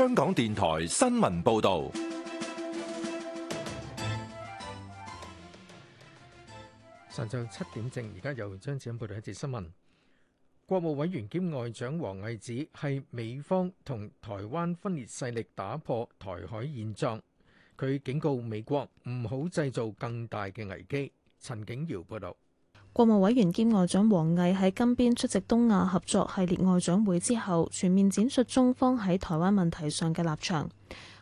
香港電台新聞報道，上晝七點正，而家由張子欣報道一節新聞。國務委員兼外長王毅指，係美方同台灣分裂勢力打破台海現狀，佢警告美國唔好製造更大嘅危機。陳景堯報道。國務委員兼外長王毅喺金邊出席東亞合作系列外長會之後，全面展述中方喺台灣問題上嘅立場。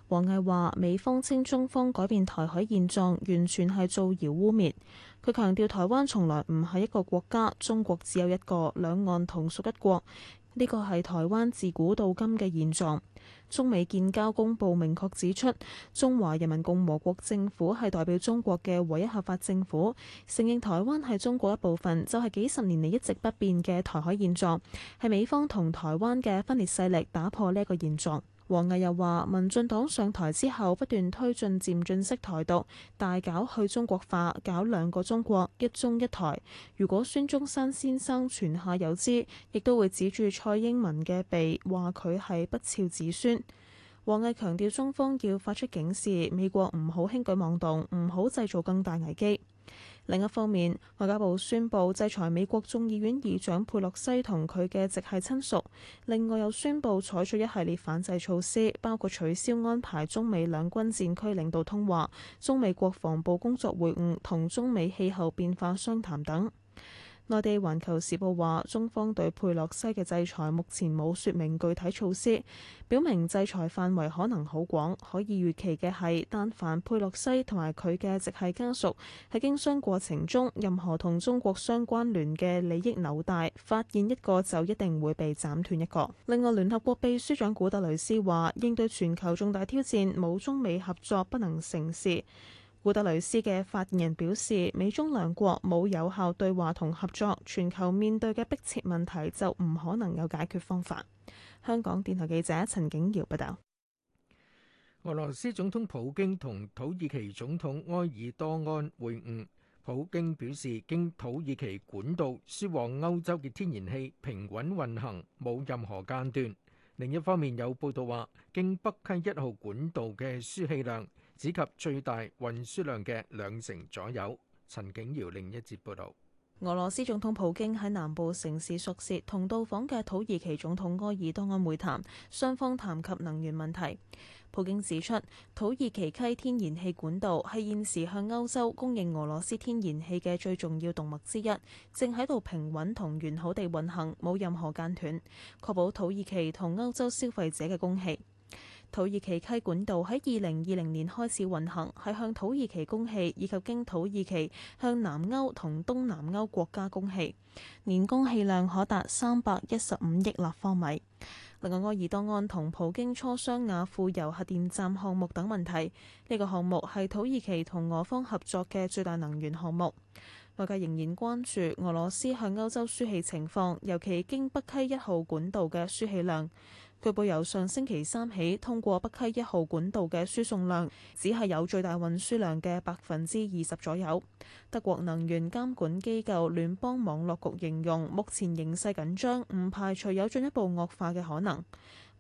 王毅話：美方稱中方改變台海現狀，完全係造謠污蔑。佢強調，台灣從來唔係一個國家，中國只有一個，兩岸同屬一國。呢個係台灣自古到今嘅現狀，中美建交公報，明確指出，中華人民共和國政府係代表中國嘅唯一合法政府，承認台灣係中國一部分，就係幾十年嚟一直不變嘅台海現狀，係美方同台灣嘅分裂勢力打破呢個現狀。王毅又話：民進黨上台之後，不斷推進漸進式台獨，大搞去中國化，搞兩個中國，一中一台。如果孫中山先生泉下有知，亦都會指住蔡英文嘅鼻，話佢係不肖子孫。王毅強調，中方要發出警示，美國唔好輕舉妄動，唔好製造更大危機。另一方面，外交部宣布制裁美國眾議院議長佩洛西同佢嘅直系親屬，另外又宣布採取一系列反制措施，包括取消安排中美兩軍戰區領導通話，中美國防部工作會晤同中美氣候變化商談等。內地《環球時報》話，中方對佩洛西嘅制裁目前冇説明具體措施，表明制裁範圍可能好廣。可以預期嘅係，但凡佩洛西同埋佢嘅直系家屬喺經商過程中，任何同中國相關聯嘅利益紐帶，發現一個就一定會被斬斷一個。另外，聯合國秘書長古特雷斯話，應對全球重大挑戰，冇中美合作不能成事。古特雷斯嘅發言人表示，美中兩國冇有效對話同合作，全球面對嘅迫切問題就唔可能有解決方法。香港電台記者陳景瑤報道。俄羅斯總統普京同土耳其總統埃爾多安會晤，普京表示，經土耳其管道輸往歐洲嘅天然氣平穩運行，冇任何間斷，另一方面，有報道話經北溪一號管道嘅輸氣量，只及最大運輸量嘅兩成左右。陳景瑤。另一節報導，俄羅斯總統普京喺南部城市索契同到訪嘅土耳其總統埃爾多安會談，雙方談及能源問題。普京指出，土耳其溪天然氣管道係現時向歐洲供應俄羅斯天然氣嘅最重要動脈之一，正喺度平穩同完好地運行，冇任何間斷，確保土耳其同歐洲消費者嘅供氣。土耳其溪管道喺二零二零年開始運行，係向土耳其供氣以及經土耳其向南歐同東南歐國家供氣年供氣量可達三百一十五億立方米。另外，埃爾多安同普京磋商阿庫尤核電站項目等問題，呢、這個項目係土耳其同俄方合作嘅最大能源項目。外界仍然關注俄羅斯向歐洲輸氣情況，尤其經北溪一號管道嘅輸氣量。據報，由上星期三起，通過北溪一號管道嘅輸送量只係有最大運輸量嘅百分之二十左右。德國能源監管機構聯邦網絡局形容，目前形勢緊張，唔排除有進一步惡化嘅可能。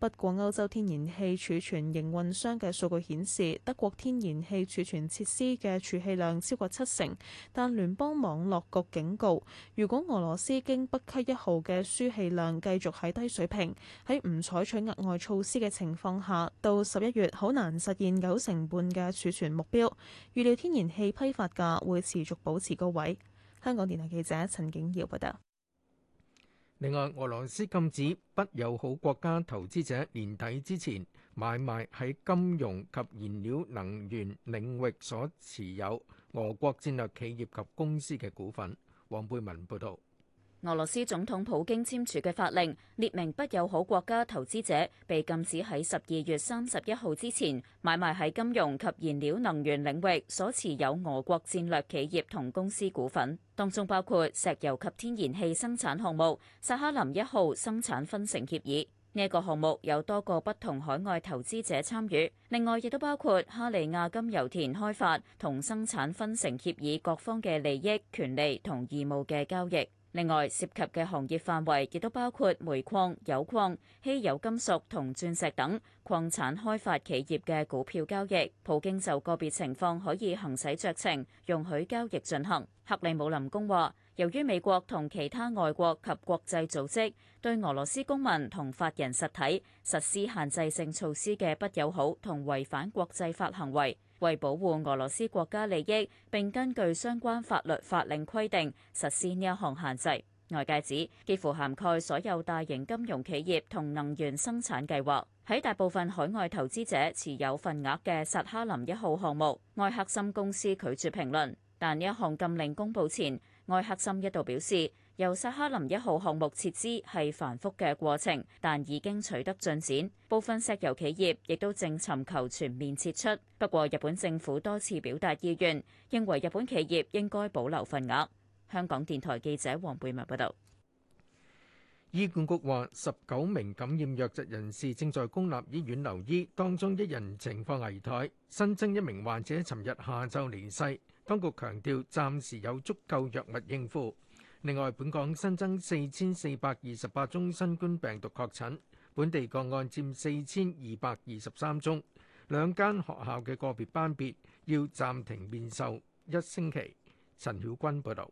不過歐洲天然氣儲存營運商嘅數據顯示，德國天然氣儲存設施嘅儲氣量超過七成，但聯邦網絡局警告，如果俄羅斯經北溪一號嘅輸氣量繼續喺低水平，喺唔採取額外措施嘅情況下，到十一月好難實現九成半嘅儲存目標。預料天然氣批發價會持續保持高位。香港電台記者陳景耀報道。另外，俄羅斯禁止不友好國家投資者年底之前買賣喺金融及燃料能源領域所持有俄國戰略企業及公司嘅股份。黃貝文報導。俄羅斯總統普京簽署嘅法令列明，不友好國家投資者被禁止喺十二月三十一號之前買賣喺金融及燃料能源領域所持有俄國戰略企業同公司股份，當中包括石油及天然氣生產項目薩哈林一號生產分成協議。呢個項目有多個不同海外投資者參與，另外亦都包括哈利亞金油田開發同生產分成協議各方嘅利益、權利同義務嘅交易。另外涉及嘅行業範圍亦都包括煤礦、油礦、稀有金屬同鑽石等礦產開發企業嘅股票交易。普京就個別情況可以行使酌情容許交易進行。克里姆林宮話，由於美國同其他外國及國際組織對俄羅斯公民同法人實體實施限制性措施嘅不友好同違反國際法行為。為保護俄羅斯國家利益，並根據相關法律法令規定實施呢一項限制，外界指幾乎涵蓋所有大型金融企業同能源生產計劃。喺大部分海外投資者持有份額嘅薩哈林一號項目，埃克森公司拒絕評論。但呢一項禁令公布前，埃克森一度表示。由薩哈林一號項目撤資係繁複嘅過程，但已經取得進展。部分石油企業亦都正尋求全面撤出，不過日本政府多次表達意願，認為日本企業應該保留份額。香港電台記者黃貝文報道。醫管局話，十九名感染弱疾人士正在公立醫院留醫，當中一人情況危殆。新增一名患者，尋日下晝離世。當局強調，暫時有足夠藥物應付。另外，本港新增四千四百二十八宗新冠病毒確診，本地個案占四千二百二十三宗。兩間學校嘅個別班別要暫停面授一星期。陳曉君報道。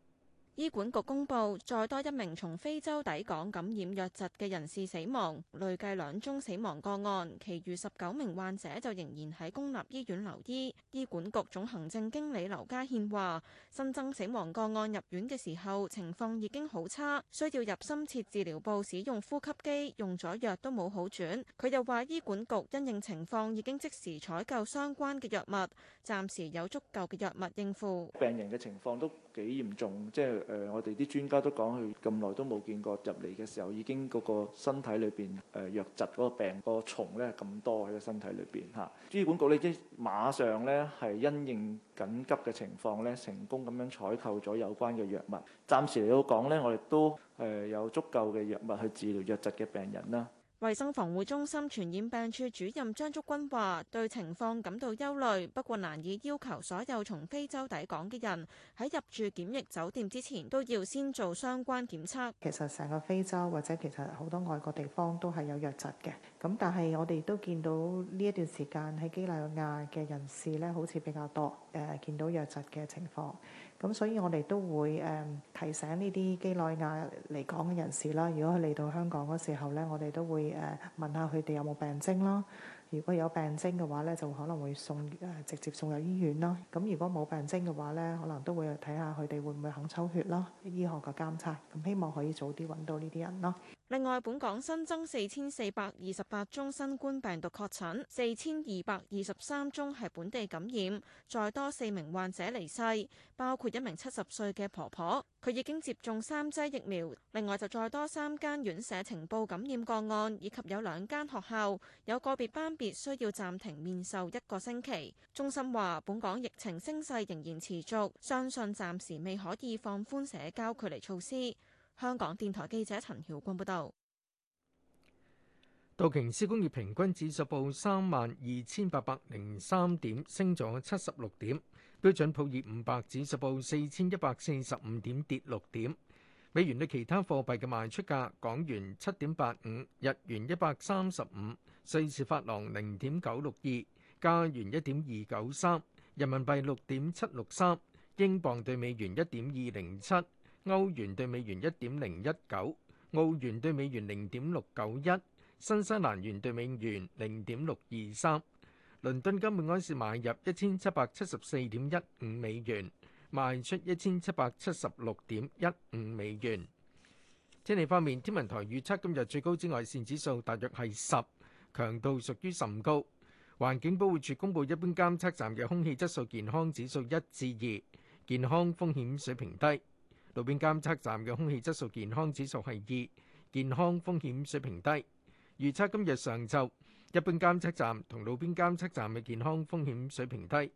醫管局公布再多一名從非洲抵港感染瘧疾嘅人士死亡，累計兩宗死亡個案，其餘十九名患者就仍然喺公立醫院留醫。醫管局總行政經理劉家憲話，新增死亡個案入院嘅時候情況已經好差，需要入深切治療部使用呼吸機，用咗藥都冇好轉。佢又話，醫管局因應情況已經即時採購相關嘅藥物，暫時有足夠嘅藥物應付。病人嘅情況都幾嚴重，即係。誒、呃，我哋啲專家都講，佢咁耐都冇見過入嚟嘅時候，已經嗰個身體裏邊誒瘧疾嗰個病，嗰個蟲咧咁多喺個身體裏邊嚇。醫，啊，管局呢已經馬上咧係因應緊急嘅情況咧，成功咁樣採購咗有關嘅藥物。暫時嚟到講咧，我哋都誒、呃、有足夠嘅藥物去治療瘧疾嘅病人啦。衛生防護中心傳染病處主任張竹君話，對情況感到憂慮，不過難以要求所有從非洲抵港嘅人喺入住檢疫酒店之前都要先做相關檢測。其實成個非洲或者其實好多外國地方都係有瘧疾嘅，咁但係我哋都見到呢一段時間喺幾內亞嘅人士呢，好似比較多誒、呃，見到瘧疾嘅情況。咁所以我哋都會誒提醒呢啲基內亞嚟港嘅人士啦，如果佢嚟到香港嗰時候咧，我哋都會誒問下佢哋有冇病徵啦。如果有病徵嘅話咧，就可能會送誒直接送入醫院咯。咁如果冇病徵嘅話咧，可能都會睇下佢哋會唔會肯抽血咯，醫學嘅監測。咁希望可以早啲揾到呢啲人咯。另外，本港新增四千四百二十八宗新冠病毒確診，四千二百二十三宗係本地感染，再多四名患者離世，包括一名七十歲嘅婆婆，佢已經接種三劑疫苗。另外，就再多三間院舍呈報感染個案，以及有兩間學校有個別班別需要暫停面授一個星期。中心話，本港疫情升勢仍然持續，相信暫時未可以放寬社交距離措施。香港電台記者陳曉光報道：道瓊斯工業平均指數報三萬二千八百零三點，升咗七十六點。標準普爾五百指數報四千一百四十五點，跌六點。美元對其他貨幣嘅賣出價：港元七點八五，日元一百三十五，瑞士法郎零點九六二，加元一點二九三，人民幣六點七六三，英鎊對美元一點二零七。歐元對美元一點零一九，澳元對美元零點六九一，新西蘭元對美元零點六二三。倫敦金每安士買入一千七百七十四點一五美元，賣出一千七百七十六點一五美元。天氣方面，天文台預測今日最高紫外線指數大約係十，強度屬於甚高。環境保護署公布一般監測站嘅空氣質素健康指數一至二，健康風險水平低。路邊監測站嘅空氣質素健康指數係二，健康風險水平低。預測今日上晝，一般監測站同路邊監測站嘅健康風險水平低。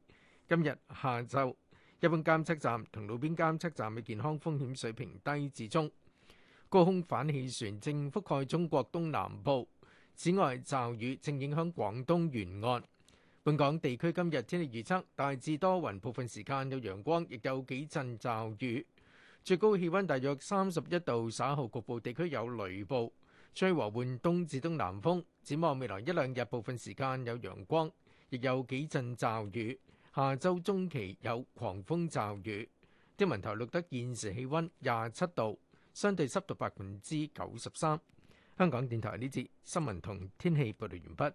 今日下晝，一般監測站同路邊監測站嘅健康風險水平低至中。高空反氣旋正覆蓋中國東南部，此外，驟雨正影響廣東沿岸。本港地區今日天氣預測大致多雲，部分時間有陽光，亦有幾陣驟雨。最高氣温大約三十一度，稍後局部地區有雷暴，吹和緩東至東南風。展望未來一兩日，部分時間有陽光，亦有幾陣驟雨。下週中期有狂風驟雨。天文台錄得現時氣温廿七度，相對濕度百分之九十三。香港電台呢節新聞同天氣報道完畢。